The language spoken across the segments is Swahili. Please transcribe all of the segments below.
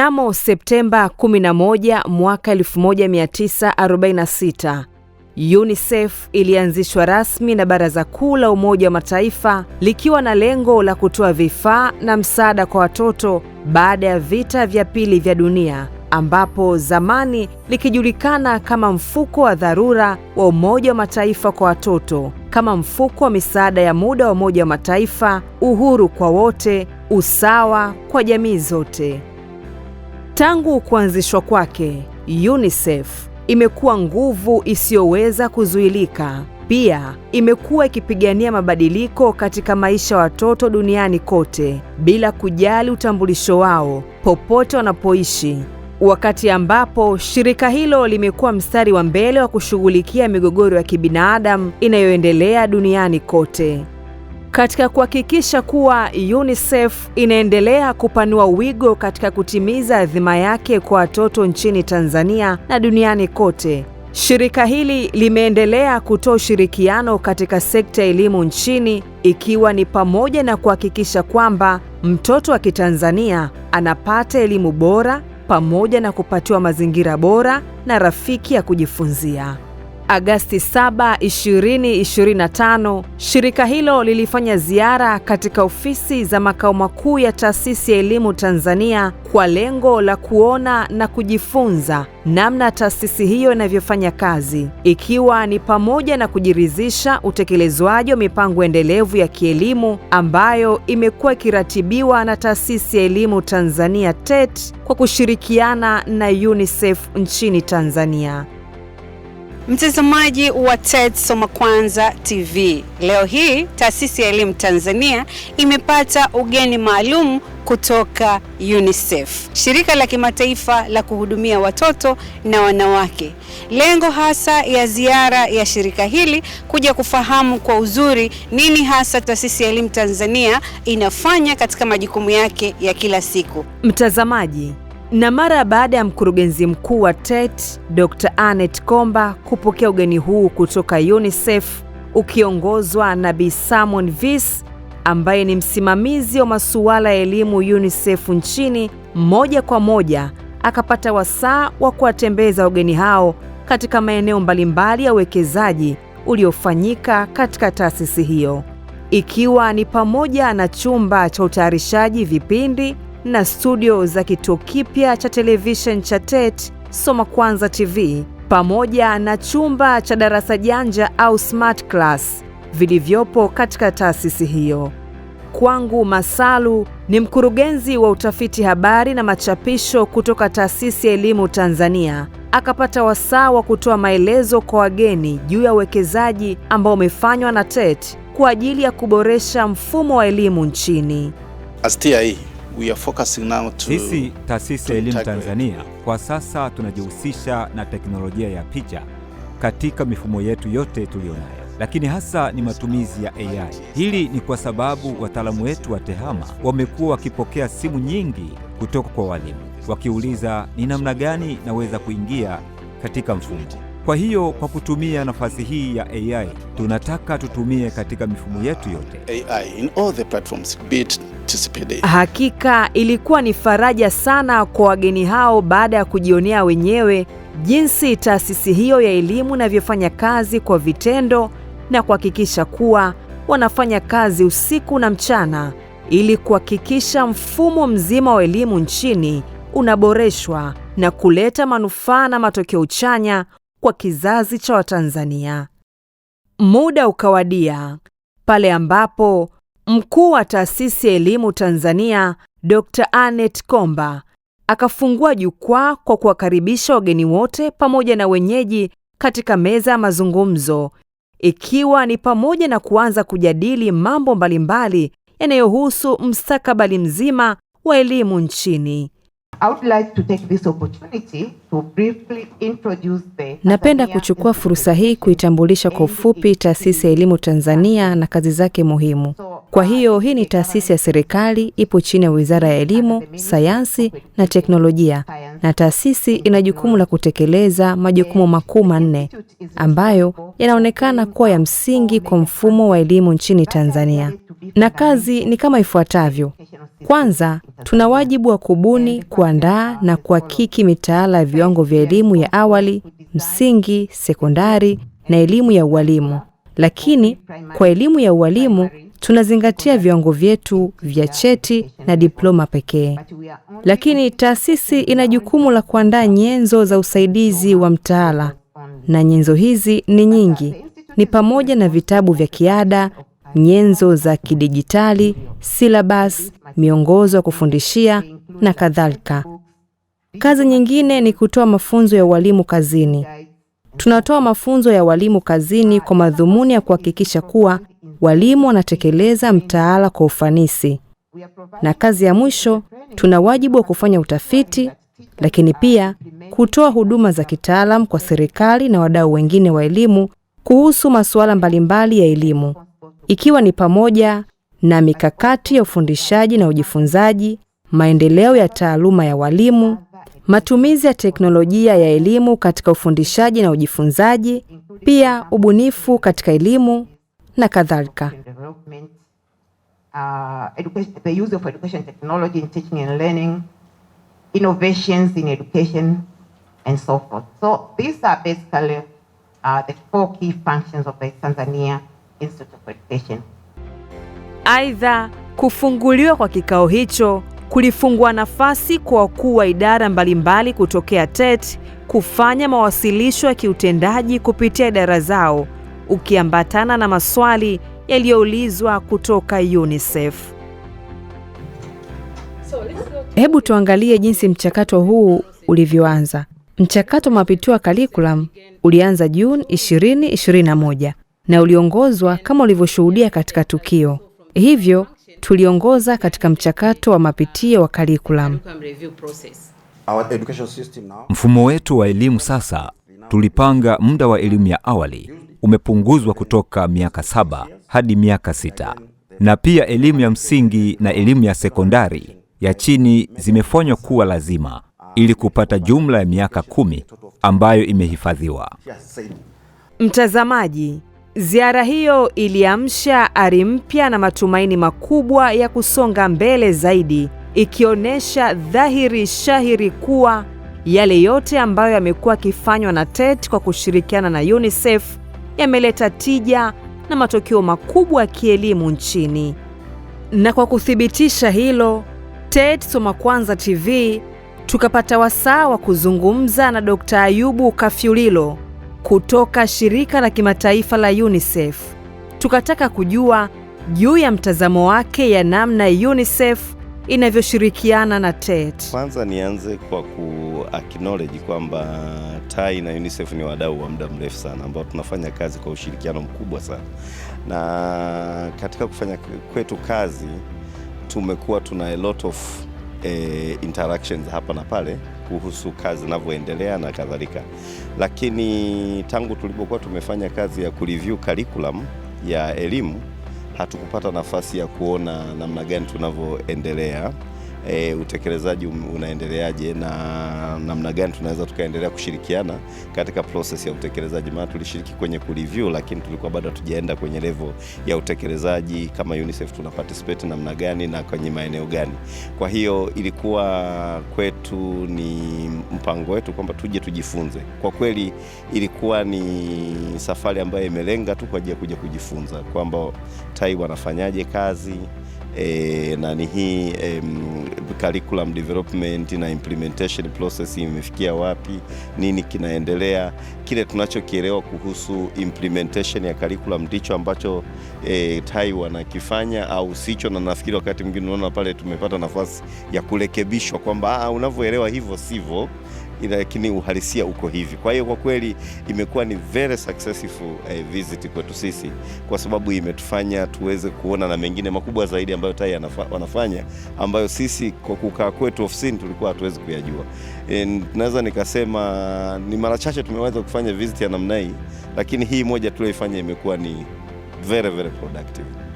Mnamo Septemba 11 mwaka 1946 UNICEF ilianzishwa rasmi na Baraza Kuu la Umoja wa Mataifa likiwa na lengo la kutoa vifaa na msaada kwa watoto baada ya vita vya pili vya dunia ambapo zamani likijulikana kama mfuko wa dharura wa Umoja wa Mataifa kwa watoto, kama mfuko wa misaada ya muda wa Umoja wa Mataifa, uhuru kwa wote, usawa kwa jamii zote. Tangu kuanzishwa kwake, UNICEF imekuwa nguvu isiyoweza kuzuilika. Pia imekuwa ikipigania mabadiliko katika maisha ya watoto duniani kote bila kujali utambulisho wao popote wanapoishi. Wakati ambapo shirika hilo limekuwa mstari wa mbele wa kushughulikia migogoro ya kibinadamu inayoendelea duniani kote. Katika kuhakikisha kuwa UNICEF inaendelea kupanua wigo katika kutimiza adhima yake kwa watoto nchini Tanzania na duniani kote. Shirika hili limeendelea kutoa ushirikiano katika sekta ya elimu nchini ikiwa ni pamoja na kuhakikisha kwamba mtoto wa Kitanzania anapata elimu bora pamoja na kupatiwa mazingira bora na rafiki ya kujifunzia. Agasti 7, 2025, shirika hilo lilifanya ziara katika ofisi za makao makuu ya Taasisi ya Elimu Tanzania kwa lengo la kuona na kujifunza namna taasisi hiyo inavyofanya kazi, ikiwa ni pamoja na kujiridhisha utekelezwaji wa mipango endelevu ya kielimu ambayo imekuwa ikiratibiwa na Taasisi ya Elimu Tanzania TET e kwa kushirikiana na UNICEF nchini Tanzania. Mtazamaji wa TET Soma Kwanza TV, leo hii Taasisi ya Elimu Tanzania imepata ugeni maalum kutoka UNICEF, shirika la kimataifa la kuhudumia watoto na wanawake. Lengo hasa ya ziara ya shirika hili kuja kufahamu kwa uzuri nini hasa Taasisi ya Elimu Tanzania inafanya katika majukumu yake ya kila siku. Mtazamaji na mara baada ya mkurugenzi mkuu wa TET Dr. Annette Komba kupokea ugeni huu kutoka UNICEF ukiongozwa na Bi Simon Vis ambaye ni msimamizi wa masuala ya elimu UNICEF nchini, moja kwa moja akapata wasaa wa kuwatembeza wageni hao katika maeneo mbalimbali ya uwekezaji uliofanyika katika taasisi hiyo, ikiwa ni pamoja na chumba cha utayarishaji vipindi na studio za kituo kipya cha televishen cha TET Soma Kwanza TV pamoja na chumba cha darasa janja au smart class vilivyopo katika taasisi hiyo. Kwangu Masalu ni mkurugenzi wa utafiti habari na machapisho kutoka Taasisi ya Elimu Tanzania, akapata wasaa wa kutoa maelezo kwa wageni juu ya uwekezaji ambao umefanywa na TET kwa ajili ya kuboresha mfumo wa elimu nchini. Astia hii we are focusing now to sisi taasisi ya elimu Tanzania kwa sasa tunajihusisha na teknolojia ya picha katika mifumo yetu yote tuliyonayo, lakini hasa ni matumizi ya AI. Hili ni kwa sababu wataalamu wetu wa TEHAMA wamekuwa wakipokea simu nyingi kutoka kwa walimu wakiuliza ni namna gani naweza kuingia katika mfumo kwa hiyo kwa kutumia nafasi hii ya AI tunataka tutumie katika mifumo yetu yote AI in all the platforms, be TCPD. Hakika ilikuwa ni faraja sana kwa wageni hao baada ya kujionea wenyewe jinsi taasisi hiyo ya elimu inavyofanya kazi kwa vitendo na kuhakikisha kuwa wanafanya kazi usiku na mchana ili kuhakikisha mfumo mzima wa elimu nchini unaboreshwa na kuleta manufaa na matokeo chanya kwa kizazi cha Watanzania. Muda ukawadia pale ambapo mkuu wa taasisi ya elimu Tanzania Dr. Annette Komba akafungua jukwaa kwa kuwakaribisha wageni wote pamoja na wenyeji katika meza ya mazungumzo, ikiwa ni pamoja na kuanza kujadili mambo mbalimbali yanayohusu mstakabali mzima wa elimu nchini. Napenda kuchukua fursa hii kuitambulisha kwa e ufupi taasisi ya elimu Tanzania na kazi zake muhimu. Kwa hiyo uh, hii ni taasisi ya serikali, ipo chini ya Wizara ya Elimu, Sayansi na Teknolojia, na taasisi ina jukumu la kutekeleza majukumu makuu manne ambayo yanaonekana kuwa ya msingi kwa mfumo wa elimu nchini Tanzania, na kazi ni kama ifuatavyo: kwanza, tuna wajibu wa kubuni, kuandaa na kuhakiki mitaala ya viwango vya elimu ya awali, msingi, sekondari na elimu ya ualimu. Lakini kwa elimu ya ualimu tunazingatia viwango vyetu vya cheti na diploma pekee. Lakini taasisi ina jukumu la kuandaa nyenzo za usaidizi wa mtaala, na nyenzo hizi ni nyingi, ni pamoja na vitabu vya kiada, nyenzo za kidijitali, silabas, miongozo ya kufundishia na kadhalika. Kazi nyingine ni kutoa mafunzo ya walimu kazini. Tunatoa mafunzo ya walimu kazini kwa madhumuni ya kuhakikisha kuwa walimu wanatekeleza mtaala kwa ufanisi. Na kazi ya mwisho, tuna wajibu wa kufanya utafiti, lakini pia kutoa huduma za kitaalam kwa serikali na wadau wengine wa elimu kuhusu masuala mbalimbali ya elimu ikiwa ni pamoja na mikakati ya ufundishaji na ujifunzaji, maendeleo ya taaluma ya walimu, matumizi ya teknolojia ya elimu katika ufundishaji na ujifunzaji, pia ubunifu katika elimu na kadhalika. Uh, Institute of Education. Aidha, kufunguliwa kwa kikao hicho kulifungua nafasi kwa wakuu wa idara mbalimbali kutokea TET kufanya mawasilisho ya kiutendaji kupitia idara zao ukiambatana na maswali yaliyoulizwa kutoka UNICEF. Hebu tuangalie jinsi mchakato huu ulivyoanza. Mchakato wa mapitio ulianza Juni 2021 na uliongozwa kama ulivyoshuhudia katika tukio. Hivyo tuliongoza katika mchakato wa mapitio wa curriculum. Mfumo wetu wa elimu sasa, tulipanga muda wa elimu ya awali umepunguzwa kutoka miaka saba hadi miaka sita, na pia elimu ya msingi na elimu ya sekondari ya chini zimefanywa kuwa lazima ili kupata jumla ya miaka kumi ambayo imehifadhiwa. Mtazamaji, Ziara hiyo iliamsha ari mpya na matumaini makubwa ya kusonga mbele zaidi, ikionyesha dhahiri shahiri kuwa yale yote ambayo yamekuwa yakifanywa na TET kwa kushirikiana na UNICEF yameleta tija na matokeo makubwa ya kielimu nchini. Na kwa kuthibitisha hilo, TET Soma Kwanza TV tukapata wasaa wa kuzungumza na Dr. Ayubu Kafyulilo kutoka shirika la kimataifa la UNICEF. Tukataka kujua juu ya mtazamo wake ya namna UNICEF inavyoshirikiana na TET. Kwanza nianze kwa ku acknowledge kwamba TAI na UNICEF ni wadau wa muda mrefu sana ambao tunafanya kazi kwa ushirikiano mkubwa sana, na katika kufanya kwetu kazi tumekuwa tuna a lot of eh, interactions hapa na pale kuhusu kazi zinavyoendelea na kadhalika. Lakini tangu tulipokuwa tumefanya kazi ya kureview curriculum ya elimu hatukupata nafasi ya kuona namna gani tunavyoendelea e, utekelezaji um, unaendeleaje na namna gani tunaweza tukaendelea kushirikiana katika process ya utekelezaji. Maana tulishiriki kwenye kureview, lakini tulikuwa bado hatujaenda kwenye level ya utekelezaji kama UNICEF tuna participate namna gani na kwenye maeneo gani. Kwa hiyo ilikuwa kwetu ni mpango wetu kwamba tuje tujifunze. Kwa kweli ilikuwa ni safari ambayo imelenga tu kwa ajili ya kuja kujifunza kwamba TAI wanafanyaje kazi e, nani hii e, curriculum development na implementation process imefikia wapi, nini kinaendelea. Kile tunachokielewa kuhusu implementation ya curriculum ndicho ambacho e, TAI wanakifanya au sicho, na nafikiri wakati mwingine unaona pale tumepata nafasi ya kurekebishwa kwamba ah, unavyoelewa hivyo sivyo lakini uhalisia uko hivi. Kwa hiyo kwa kweli imekuwa ni very successful eh, visit kwetu sisi, kwa sababu imetufanya tuweze kuona na mengine makubwa zaidi ambayo TAI wanafanya ambayo sisi kwa kukaa kwetu ofisini tulikuwa hatuwezi kuyajua. Naweza nikasema ni mara chache tumeweza kufanya visit ya namna hii, lakini hii moja tulioifanya imekuwa ni very very productive.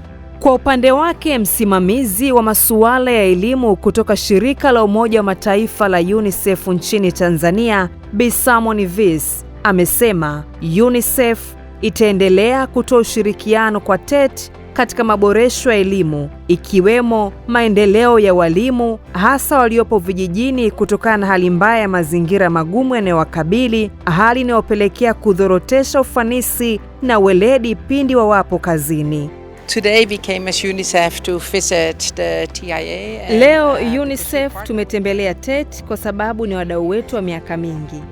Kwa upande wake, msimamizi wa masuala ya elimu kutoka shirika la Umoja wa Mataifa la UNICEF nchini Tanzania, Bi Samon Vis amesema UNICEF itaendelea kutoa ushirikiano kwa TET katika maboresho ya elimu ikiwemo maendeleo ya walimu hasa waliopo vijijini kutokana na hali mbaya ya mazingira magumu yanayowakabili, hali inayopelekea kudhorotesha ufanisi na weledi pindi wawapo kazini. Leo UNICEF tumetembelea TET kwa sababu ni wadau wetu wa miaka mingi.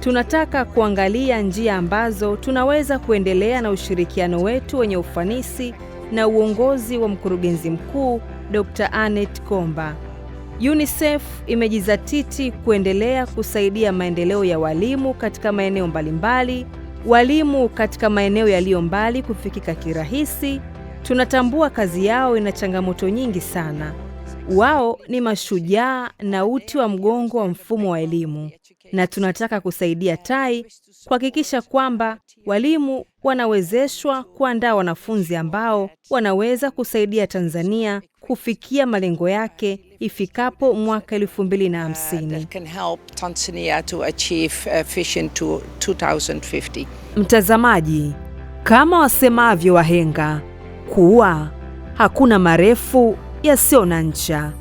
Tunataka kuangalia njia ambazo tunaweza kuendelea na ushirikiano wetu wenye ufanisi na uongozi wa mkurugenzi mkuu Dr. Annette Komba. UNICEF imejizatiti kuendelea kusaidia maendeleo ya walimu katika maeneo mbalimbali Walimu katika maeneo yaliyo mbali kufikika kirahisi, tunatambua kazi yao ina changamoto nyingi sana. Wao ni mashujaa na uti wa mgongo wa mfumo wa elimu, na tunataka kusaidia TAI kuhakikisha kwamba walimu wanawezeshwa kuandaa wanafunzi ambao wanaweza kusaidia Tanzania kufikia malengo yake ifikapo mwaka 2050. Uh, Mtazamaji, kama wasemavyo wahenga kuwa hakuna marefu yasiyo na ncha.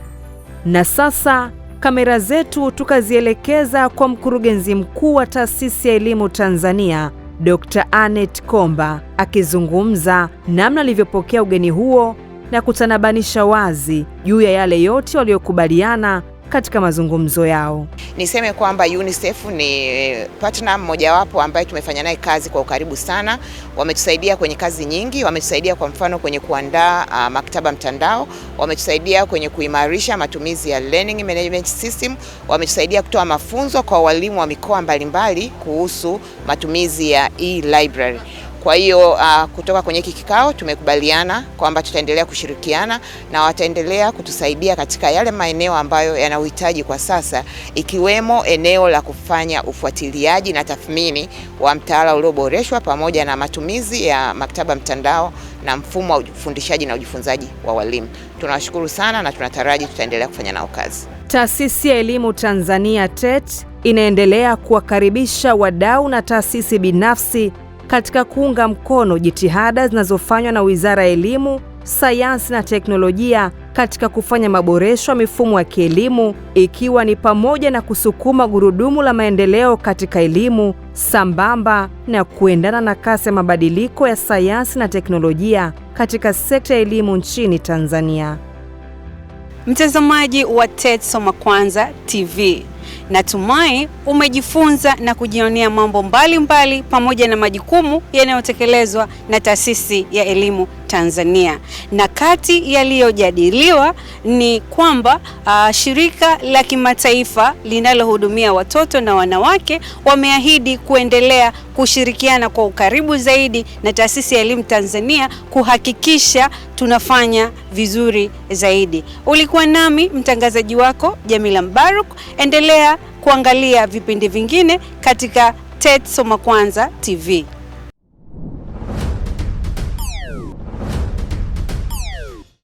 Na sasa kamera zetu tukazielekeza kwa mkurugenzi mkuu wa Taasisi ya Elimu Tanzania, Dr. Annette Komba akizungumza namna alivyopokea ugeni huo na kutanabanisha wazi juu ya yale yote waliokubaliana katika mazungumzo yao. Niseme kwamba UNICEF ni eh, partner mmojawapo ambaye tumefanya naye kazi kwa ukaribu sana. Wametusaidia kwenye kazi nyingi, wametusaidia kwa mfano kwenye kuandaa uh, maktaba mtandao, wametusaidia kwenye kuimarisha matumizi ya learning management system, wametusaidia kutoa mafunzo kwa walimu wa mikoa mbalimbali kuhusu matumizi ya e-library. Kwa hiyo uh, kutoka kwenye hiki kikao tumekubaliana kwamba tutaendelea kushirikiana na wataendelea kutusaidia katika yale maeneo ambayo yana uhitaji kwa sasa, ikiwemo eneo la kufanya ufuatiliaji na tathmini wa mtaala ulioboreshwa pamoja na matumizi ya maktaba mtandao na mfumo wa ufundishaji na ujifunzaji wa walimu. Tunawashukuru sana na tunataraji tutaendelea kufanya nao kazi. Taasisi ya Elimu Tanzania TET inaendelea kuwakaribisha wadau na taasisi binafsi katika kuunga mkono jitihada zinazofanywa na Wizara ya Elimu, Sayansi na Teknolojia katika kufanya maboresho ya mifumo ya kielimu ikiwa ni pamoja na kusukuma gurudumu la maendeleo katika elimu sambamba na kuendana na kasi ya mabadiliko ya sayansi na teknolojia katika sekta ya elimu nchini Tanzania. Mtazamaji wa TET Soma Kwanza TV Natumai umejifunza na kujionea mambo mbalimbali mbali, pamoja na majukumu yanayotekelezwa na taasisi ya elimu Tanzania, na kati yaliyojadiliwa ni kwamba uh, shirika la kimataifa linalohudumia watoto na wanawake wameahidi kuendelea kushirikiana kwa ukaribu zaidi na Taasisi ya Elimu Tanzania kuhakikisha tunafanya vizuri zaidi. Ulikuwa nami mtangazaji wako Jamila Mbaruk. Endelea kuangalia vipindi vingine katika TET Soma Kwanza TV.